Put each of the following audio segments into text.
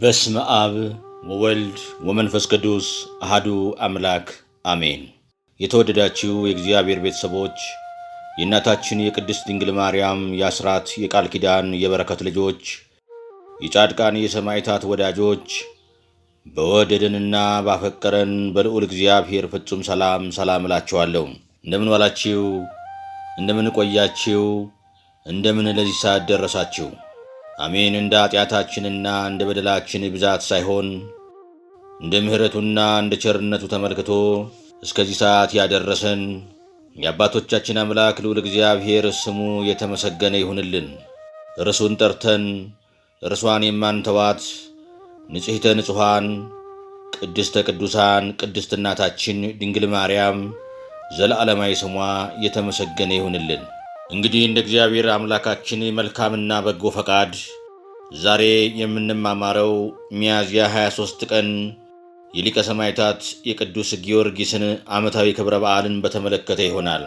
በስመ አብ ወወልድ ወመንፈስ ቅዱስ አሃዱ አምላክ አሜን። የተወደዳችሁ የእግዚአብሔር ቤተሰቦች የእናታችን የቅድስት ድንግል ማርያም የአስራት የቃል ኪዳን የበረከት ልጆች የጻድቃን የሰማዕታት ወዳጆች በወደደንና ባፈቀረን በልዑል እግዚአብሔር ፍጹም ሰላም ሰላም እላችኋለሁ። እንደምን ዋላችሁ? እንደምን ቆያችሁ? እንደምን ለዚህ ሰዓት ደረሳችሁ? አሜን። እንደ ኃጢአታችንና እንደ በደላችን ብዛት ሳይሆን እንደ ምሕረቱና እንደ ቸርነቱ ተመልክቶ እስከዚህ ሰዓት ያደረሰን የአባቶቻችን አምላክ ልዑል እግዚአብሔር ስሙ የተመሰገነ ይሁንልን። እርሱን ጠርተን እርሷን የማንተዋት ንጽሕተ ንጹሐን ቅድስተ ቅዱሳን ቅድስት እናታችን ድንግል ማርያም ዘለዓለማዊ ስሟ የተመሰገነ ይሁንልን። እንግዲህ እንደ እግዚአብሔር አምላካችን መልካምና በጎ ፈቃድ ዛሬ የምንማማረው ሚያዝያ 23 ቀን የሊቀ ሰማይታት የቅዱስ ጊዮርጊስን ዓመታዊ ክብረ በዓልን በተመለከተ ይሆናል።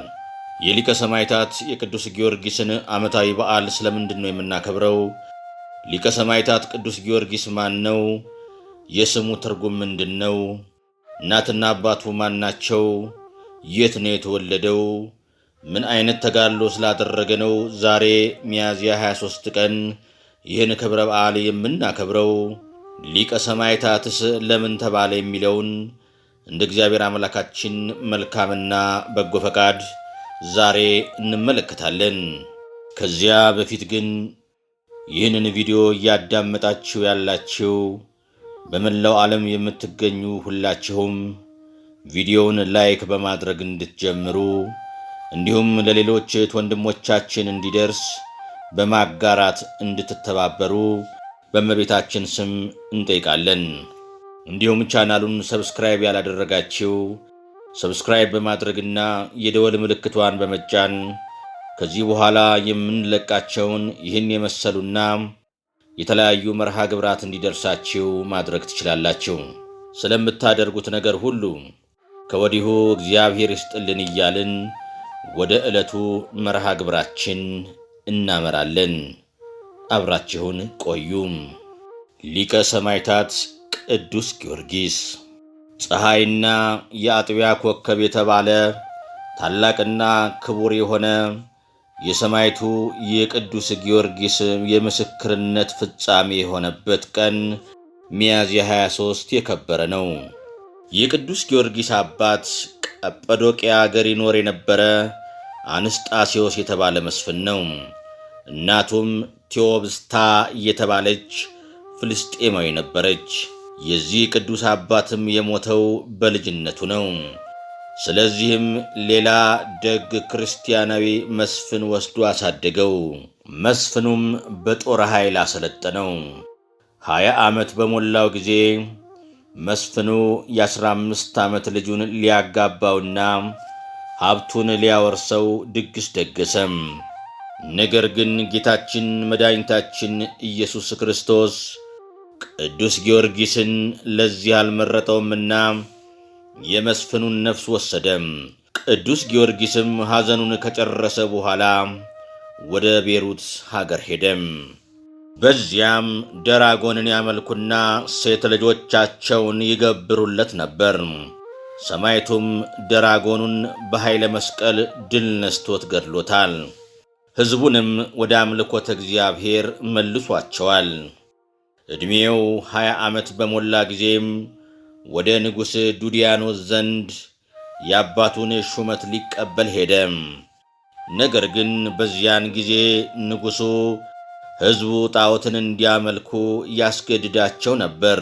የሊቀ ሰማይታት የቅዱስ ጊዮርጊስን ዓመታዊ በዓል ስለምንድን ነው የምናከብረው? ሊቀ ሰማይታት ቅዱስ ጊዮርጊስ ማን ነው? የስሙ ትርጉም ምንድን ነው? እናትና አባቱ ማን ናቸው? የት ነው የተወለደው? ምን አይነት ተጋድሎ ስላደረገ ነው ዛሬ ሚያዝያ 23 ቀን ይህን ክብረ በዓል የምናከብረው? ሊቀ ሰማዕታትስ ለምን ተባለ? የሚለውን እንደ እግዚአብሔር አምላካችን መልካምና በጎ ፈቃድ ዛሬ እንመለከታለን። ከዚያ በፊት ግን ይህንን ቪዲዮ እያዳመጣችሁ ያላችሁ በመላው ዓለም የምትገኙ ሁላችሁም ቪዲዮውን ላይክ በማድረግ እንድትጀምሩ እንዲሁም ለሌሎች እህት ወንድሞቻችን እንዲደርስ በማጋራት እንድትተባበሩ በእመቤታችን ስም እንጠይቃለን። እንዲሁም ቻናሉን ሰብስክራይብ ያላደረጋችው ሰብስክራይብ በማድረግና የደወል ምልክቷን በመጫን ከዚህ በኋላ የምንለቃቸውን ይህን የመሰሉና የተለያዩ መርሃ ግብራት እንዲደርሳችው ማድረግ ትችላላችሁ። ስለምታደርጉት ነገር ሁሉ ከወዲሁ እግዚአብሔር ይስጥልን እያልን ወደ ዕለቱ መርሃ ግብራችን እናመራለን። አብራችሁን ቆዩም። ሊቀ ሰማዕታት ቅዱስ ጊዮርጊስ ፀሐይና የአጥቢያ ኮከብ የተባለ ታላቅና ክቡር የሆነ የሰማዕቱ የቅዱስ ጊዮርጊስ የምስክርነት ፍጻሜ የሆነበት ቀን ሚያዝያ 23 የከበረ ነው። የቅዱስ ጊዮርጊስ አባት ቀጰዶቅያ አገር ይኖር የነበረ አንስጣሴዎስ የተባለ መስፍን ነው። እናቱም ቴዎብስታ እየተባለች ፍልስጤማዊ ነበረች። የዚህ ቅዱስ አባትም የሞተው በልጅነቱ ነው። ስለዚህም ሌላ ደግ ክርስቲያናዊ መስፍን ወስዶ አሳደገው። መስፍኑም በጦር ኃይል አሰለጠነው። ሀያ ዓመት በሞላው ጊዜ መስፍኑ የ15 ዓመት ልጁን ሊያጋባውና ሀብቱን ሊያወርሰው ድግስ ደገሰም። ነገር ግን ጌታችን መድኃኒታችን ኢየሱስ ክርስቶስ ቅዱስ ጊዮርጊስን ለዚህ አልመረጠውምና የመስፍኑን ነፍስ ወሰደም። ቅዱስ ጊዮርጊስም ሐዘኑን ከጨረሰ በኋላ ወደ ቤሩት ሀገር ሄደም። በዚያም ደራጎንን ያመልኩና ሴት ልጆቻቸውን ይገብሩለት ነበር። ሰማይቱም ደራጎኑን በኃይለ መስቀል ድል ነስቶት ገድሎታል። ሕዝቡንም ወደ አምልኮተ እግዚአብሔር መልሷቸዋል። ዕድሜው ሀያ ዓመት በሞላ ጊዜም ወደ ንጉሥ ዱዲያኖስ ዘንድ የአባቱን ሹመት ሊቀበል ሄደ። ነገር ግን በዚያን ጊዜ ንጉሡ ሕዝቡ ጣዖትን እንዲያመልኩ ያስገድዳቸው ነበር።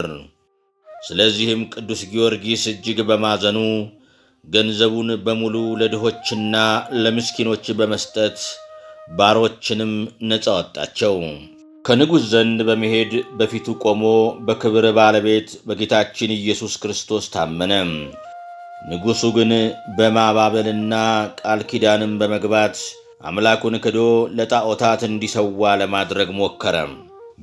ስለዚህም ቅዱስ ጊዮርጊስ እጅግ በማዘኑ ገንዘቡን በሙሉ ለድሆችና ለምስኪኖች በመስጠት ባሮችንም ነጻ ወጣቸው። ከንጉሥ ዘንድ በመሄድ በፊቱ ቆሞ በክብር ባለቤት በጌታችን ኢየሱስ ክርስቶስ ታመነ። ንጉሡ ግን በማባበልና ቃል ኪዳንም በመግባት አምላኩን ክዶ ለጣዖታት እንዲሰዋ ለማድረግ ሞከረ።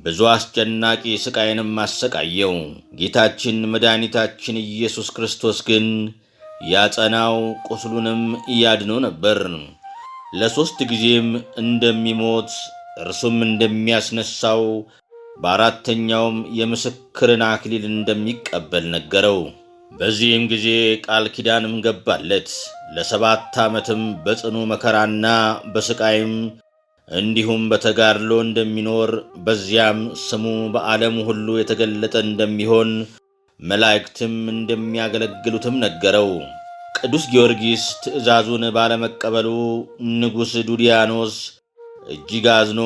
ብዙ አስጨናቂ ሥቃይንም አሰቃየው። ጌታችን መድኃኒታችን ኢየሱስ ክርስቶስ ግን ያጸናው፣ ቁስሉንም እያድኖ ነበር። ለሦስት ጊዜም እንደሚሞት እርሱም እንደሚያስነሣው በአራተኛውም የምስክርን አክሊል እንደሚቀበል ነገረው። በዚህም ጊዜ ቃል ኪዳንም ገባለት። ለሰባት ዓመትም በጽኑ መከራና በሥቃይም እንዲሁም በተጋድሎ እንደሚኖር በዚያም ስሙ በዓለም ሁሉ የተገለጠ እንደሚሆን መላእክትም እንደሚያገለግሉትም ነገረው። ቅዱስ ጊዮርጊስ ትእዛዙን ባለመቀበሉ ንጉሥ ዱዲያኖስ እጅግ አዝኖ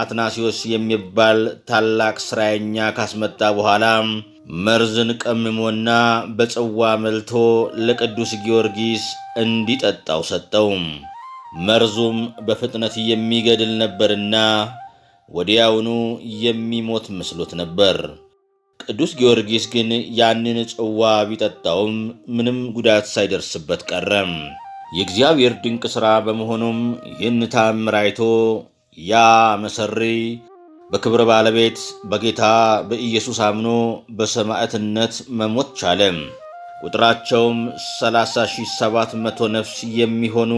አትናሲዮስ የሚባል ታላቅ ስራየኛ ካስመጣ በኋላ መርዝን ቀምሞና በጽዋ መልቶ ለቅዱስ ጊዮርጊስ እንዲጠጣው ሰጠው። መርዙም በፍጥነት የሚገድል ነበርና ወዲያውኑ የሚሞት መስሎት ነበር። ቅዱስ ጊዮርጊስ ግን ያንን ጽዋ ቢጠጣውም ምንም ጉዳት ሳይደርስበት ቀረም። የእግዚአብሔር ድንቅ ሥራ በመሆኑም ይህን ታምር አይቶ ያ መሰሪ በክብር ባለቤት በጌታ በኢየሱስ አምኖ በሰማዕትነት መሞት ቻለ። ቁጥራቸውም ሰላሳ ነፍስ የሚሆኑ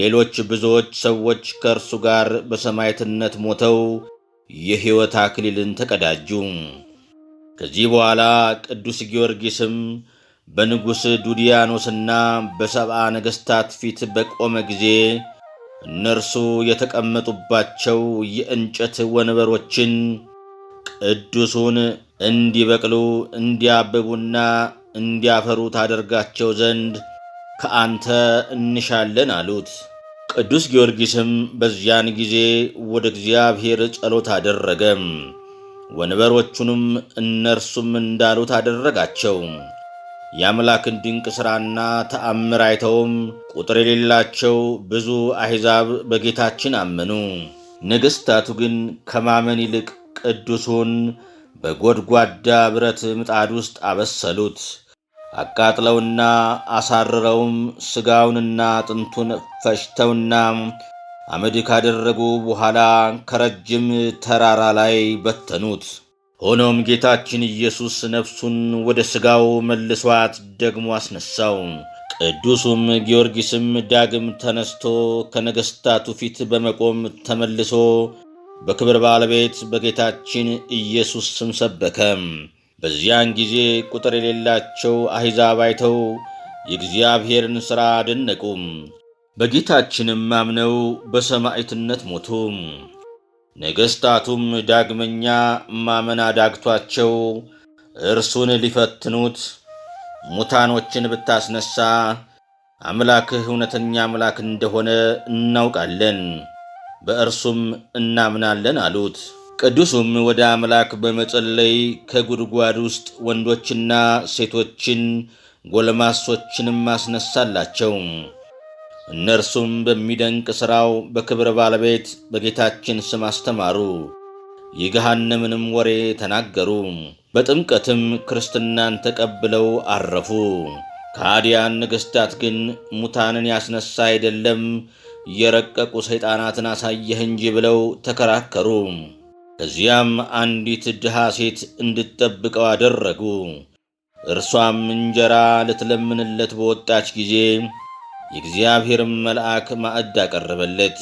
ሌሎች ብዙዎች ሰዎች ከእርሱ ጋር በሰማዕትነት ሞተው የሕይወት አክሊልን ተቀዳጁ። ከዚህ በኋላ ቅዱስ ጊዮርጊስም በንጉሥ ዱዲያኖስና በሰብአ ነገሥታት ፊት በቆመ ጊዜ እነርሱ የተቀመጡባቸው የእንጨት ወንበሮችን ቅዱሱን እንዲበቅሉ እንዲያብቡና እንዲያፈሩ ታደርጋቸው ዘንድ ከአንተ እንሻለን አሉት። ቅዱስ ጊዮርጊስም በዚያን ጊዜ ወደ እግዚአብሔር ጸሎት አደረገም። ወንበሮቹንም እነርሱም እንዳሉት አደረጋቸው። የአምላክን ድንቅ ሥራና ተአምር አይተውም ቁጥር የሌላቸው ብዙ አሕዛብ በጌታችን አመኑ። ንግሥታቱ ግን ከማመን ይልቅ ቅዱሱን በጎድጓዳ ብረት ምጣድ ውስጥ አበሰሉት። አቃጥለውና አሳርረውም ሥጋውንና አጥንቱን ፈጭተውና አመድ ካደረጉ በኋላ ከረጅም ተራራ ላይ በተኑት። ሆኖም ጌታችን ኢየሱስ ነፍሱን ወደ ሥጋው መልሷት ደግሞ አስነሳው! ቅዱሱም ጊዮርጊስም ዳግም ተነስቶ ከነገሥታቱ ፊት በመቆም ተመልሶ በክብር ባለቤት በጌታችን ኢየሱስ ስም ሰበከ። በዚያን ጊዜ ቁጥር የሌላቸው አሕዛብ አይተው የእግዚአብሔርን ሥራ አደነቁ። በጌታችንም አምነው በሰማዕትነት ሞቱ። ነገሥታቱም ዳግመኛ ማመን አዳግቷቸው እርሱን ሊፈትኑት ሙታኖችን ብታስነሣ አምላክህ እውነተኛ አምላክ እንደሆነ እናውቃለን፣ በእርሱም እናምናለን አሉት። ቅዱሱም ወደ አምላክ በመጸለይ ከጉድጓድ ውስጥ ወንዶችና ሴቶችን ጎልማሶችንም አስነሳላቸው። እነርሱም በሚደንቅ ሥራው በክብረ ባለቤት በጌታችን ስም አስተማሩ፣ የገሃነምንም ወሬ ተናገሩ። በጥምቀትም ክርስትናን ተቀብለው አረፉ። ከአዲያን ንግሥታት ግን ሙታንን ያስነሣ አይደለም የረቀቁ ሰይጣናትን አሳየህ እንጂ ብለው ተከራከሩ። ከዚያም አንዲት ድሃ ሴት እንድትጠብቀው አደረጉ። እርሷም እንጀራ ልትለምንለት በወጣች ጊዜ የእግዚአብሔርም መልአክ ማዕድ አቀረበለት።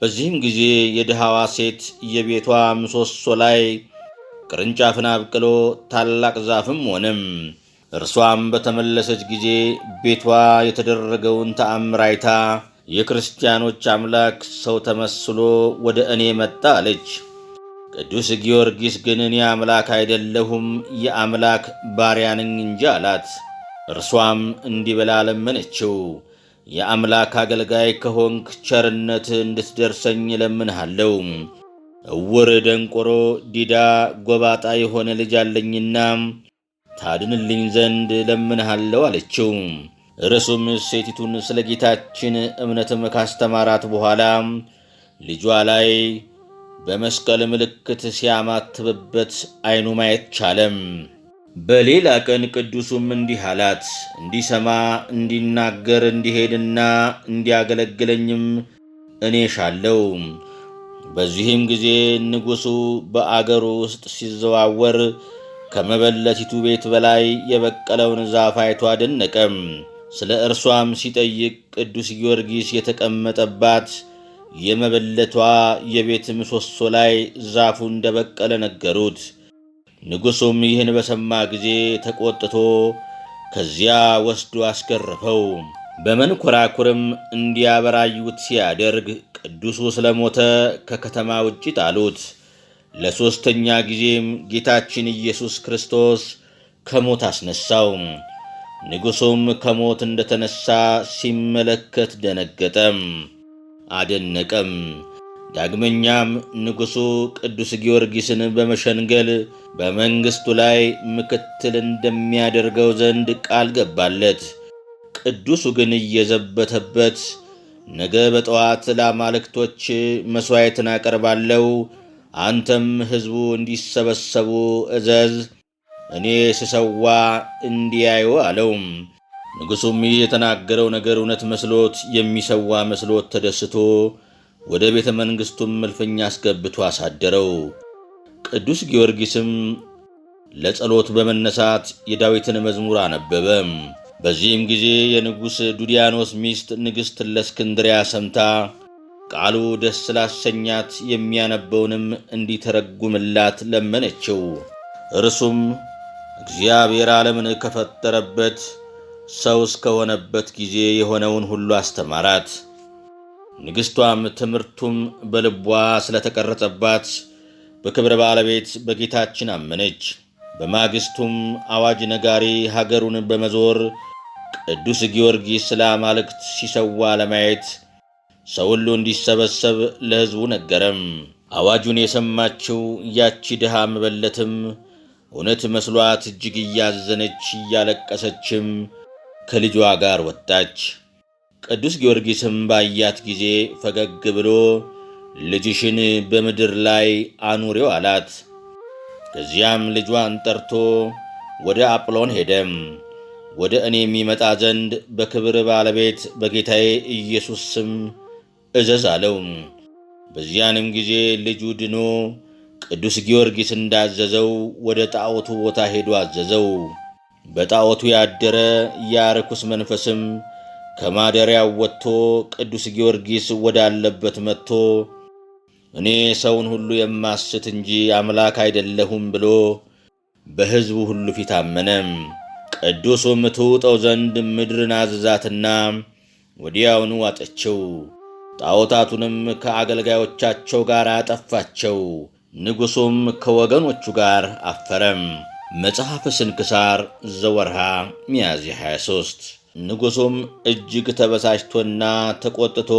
በዚህም ጊዜ የድሃዋ ሴት የቤቷ ምሰሶ ላይ ቅርንጫፍን አብቅሎ ታላቅ ዛፍም ሆነም። እርሷም በተመለሰች ጊዜ ቤቷ የተደረገውን ተአምር አይታ የክርስቲያኖች አምላክ ሰው ተመስሎ ወደ እኔ መጣ አለች። ቅዱስ ጊዮርጊስ ግን እኔ አምላክ አይደለሁም የአምላክ ባሪያ ነኝ እንጂ አላት። እርሷም እንዲህ ብላ ለመነችው። የአምላክ አገልጋይ ከሆንክ ቸርነት እንድትደርሰኝ ለምንሃለው እውር፣ ደንቆሮ፣ ዲዳ፣ ጎባጣ የሆነ ልጅ አለኝና ታድንልኝ ዘንድ ለምንሃለው አለችው። እርሱም ሴቲቱን ስለ ጌታችን እምነትም ካስተማራት በኋላ ልጇ ላይ በመስቀል ምልክት ሲያማትብበት አይኑ ማየት ቻለም። በሌላ ቀን ቅዱሱም እንዲህ አላት፣ እንዲሰማ እንዲናገር፣ እንዲሄድና እንዲያገለግለኝም እኔ ሻለው። በዚህም ጊዜ ንጉሡ በአገሩ ውስጥ ሲዘዋወር ከመበለቲቱ ቤት በላይ የበቀለውን ዛፍ አይቶ አደነቀም። ስለ እርሷም ሲጠይቅ ቅዱስ ጊዮርጊስ የተቀመጠባት የመበለቷ የቤት ምሰሶ ላይ ዛፉ እንደበቀለ ነገሩት። ንጉሡም ይህን በሰማ ጊዜ ተቆጥቶ ከዚያ ወስዶ አስገረፈው። በመንኮራኩርም እንዲያበራዩት ሲያደርግ ቅዱሱ ስለሞተ ከከተማ ውጭ ጣሉት። ለሦስተኛ ጊዜም ጌታችን ኢየሱስ ክርስቶስ ከሞት አስነሳው። ንጉሡም ከሞት እንደተነሳ ሲመለከት ደነገጠም፣ አደነቀም። ዳግመኛም ንጉሡ ቅዱስ ጊዮርጊስን በመሸንገል በመንግሥቱ ላይ ምክትል እንደሚያደርገው ዘንድ ቃል ገባለት። ቅዱሱ ግን እየዘበተበት ነገ በጠዋት ለአማልክቶች መሥዋዕትን አቀርባለሁ፣ አንተም ሕዝቡ እንዲሰበሰቡ እዘዝ፣ እኔ ስሰዋ እንዲያዩ አለው። ንጉሡም የተናገረው ነገር እውነት መስሎት የሚሰዋ መስሎት ተደስቶ ወደ ቤተ መንግሥቱም እልፍኝ አስገብቶ አሳደረው። ቅዱስ ጊዮርጊስም ለጸሎት በመነሳት የዳዊትን መዝሙር አነበበ። በዚህም ጊዜ የንጉሥ ዱዲያኖስ ሚስት ንግሥት ለእስክንድሪያ ሰምታ ቃሉ ደስ ስላሰኛት የሚያነበውንም እንዲተረጉምላት ለመነችው። እርሱም እግዚአብሔር ዓለምን ከፈጠረበት ሰው እስከሆነበት ጊዜ የሆነውን ሁሉ አስተማራት። ንግሥቷም ትምህርቱም በልቧ ስለተቀረጸባት በክብረ ባለቤት በጌታችን አመነች። በማግስቱም አዋጅ ነጋሪ ሀገሩን በመዞር ቅዱስ ጊዮርጊስ አማልክት ሲሰዋ ለማየት ሰው ሁሉ እንዲሰበሰብ ለሕዝቡ ነገረም። አዋጁን የሰማችው ያቺ ድሃ መበለትም እውነት መስሏት እጅግ እያዘነች እያለቀሰችም ከልጇ ጋር ወጣች። ቅዱስ ጊዮርጊስም ባያት ጊዜ ፈገግ ብሎ ልጅሽን በምድር ላይ አኑሬው አላት። ከዚያም ልጇን ጠርቶ ወደ አጵሎን ሄደም ወደ እኔ የሚመጣ ዘንድ በክብር ባለቤት በጌታዬ ኢየሱስ ስም እዘዝ አለው። በዚያንም ጊዜ ልጁ ድኖ ቅዱስ ጊዮርጊስ እንዳዘዘው ወደ ጣዖቱ ቦታ ሄዶ አዘዘው። በጣዖቱ ያደረ ያ ርኩስ መንፈስም ከማደሪያው ወጥቶ ቅዱስ ጊዮርጊስ ወዳለበት መጥቶ እኔ ሰውን ሁሉ የማስት እንጂ አምላክ አይደለሁም ብሎ በሕዝቡ ሁሉ ፊት አመነም። ቅዱሱም ትውጠው ዘንድ ምድርን አዘዛትና ወዲያውኑ አጠችው። ጣዖታቱንም ከአገልጋዮቻቸው ጋር አጠፋቸው። ንጉሡም ከወገኖቹ ጋር አፈረም። መጽሐፈ ስንክሳር ዘወርሃ ሚያዝያ 23 ንጉሡም እጅግ ተበሳጭቶና ተቆጥቶ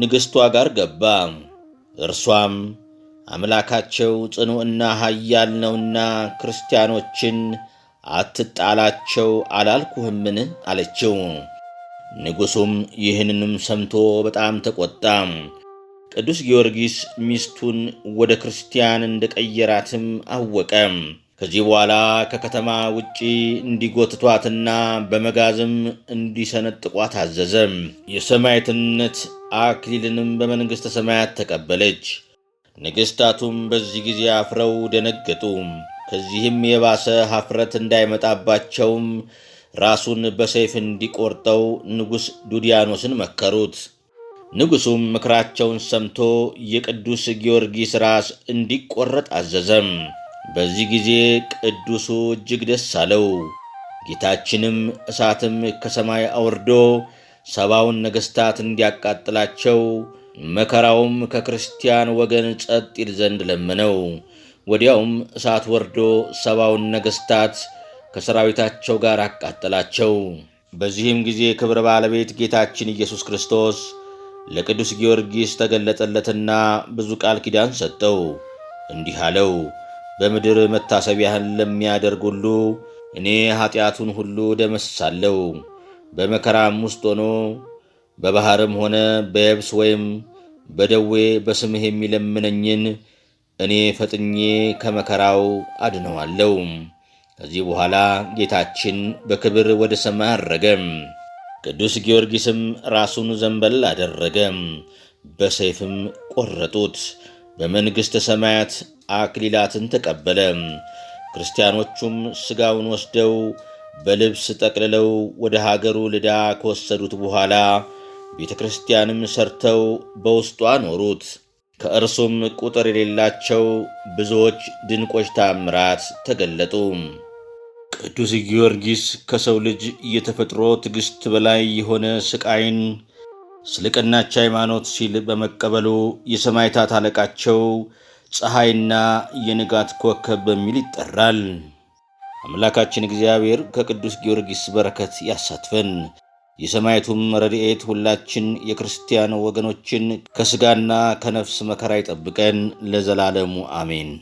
ንግሥቷ ጋር ገባ። እርሷም አምላካቸው ጽኑዕና ኃያል ነውና ክርስቲያኖችን አትጣላቸው አላልኩህምን? አለችው። ንጉሡም ይህንንም ሰምቶ በጣም ተቆጣ። ቅዱስ ጊዮርጊስ ሚስቱን ወደ ክርስቲያን እንደቀየራትም አወቀ። ከዚህ በኋላ ከከተማ ውጪ እንዲጎትቷትና በመጋዝም እንዲሰነጥቋት አዘዘ። የሰማዕትነት አክሊልንም በመንግሥተ ሰማያት ተቀበለች። ንግሥታቱም በዚህ ጊዜ አፍረው ደነገጡ። ከዚህም የባሰ ሐፍረት እንዳይመጣባቸውም ራሱን በሰይፍ እንዲቆርጠው ንጉሥ ዱዲያኖስን መከሩት። ንጉሡም ምክራቸውን ሰምቶ የቅዱስ ጊዮርጊስ ራስ እንዲቆረጥ አዘዘም። በዚህ ጊዜ ቅዱሱ እጅግ ደስ አለው። ጌታችንም እሳትም ከሰማይ አውርዶ ሰባውን ነገሥታት እንዲያቃጥላቸው መከራውም ከክርስቲያን ወገን ጸጥ ይል ዘንድ ለመነው። ወዲያውም እሳት ወርዶ ሰባውን ነገሥታት ከሰራዊታቸው ጋር አቃጠላቸው። በዚህም ጊዜ ክብረ ባለቤት ጌታችን ኢየሱስ ክርስቶስ ለቅዱስ ጊዮርጊስ ተገለጠለትና ብዙ ቃል ኪዳን ሰጠው። እንዲህ አለው በምድር መታሰቢያህን ለሚያደርግ ሁሉ እኔ ኃጢአቱን ሁሉ ደመስሳለሁ። በመከራም ውስጥ ሆኖ በባሕርም ሆነ በየብስ ወይም በደዌ በስምህ የሚለምነኝን እኔ ፈጥኜ ከመከራው አድነዋለሁ። ከዚህ በኋላ ጌታችን በክብር ወደ ሰማይ አረገ። ቅዱስ ጊዮርጊስም ራሱን ዘንበል አደረገ፣ በሰይፍም ቆረጡት። በመንግሥተ ሰማያት አክሊላትን ተቀበለ። ክርስቲያኖቹም ሥጋውን ወስደው በልብስ ጠቅልለው ወደ ሀገሩ ልዳ ከወሰዱት በኋላ ቤተ ክርስቲያንም ሰርተው በውስጧ አኖሩት ከእርሱም ቁጥር የሌላቸው ብዙዎች ድንቆች ታምራት ተገለጡ። ቅዱስ ጊዮርጊስ ከሰው ልጅ የተፈጥሮ ትዕግሥት በላይ የሆነ ሥቃይን ስለ ቀናች ሃይማኖት ሲል በመቀበሉ የሰማዕታት አለቃቸው ፀሐይና የንጋት ኮከብ በሚል ይጠራል። አምላካችን እግዚአብሔር ከቅዱስ ጊዮርጊስ በረከት ያሳትፈን። የሰማዕቱም ረድኤት ሁላችን የክርስቲያን ወገኖችን ከሥጋና ከነፍስ መከራ ይጠብቀን ለዘላለሙ አሜን።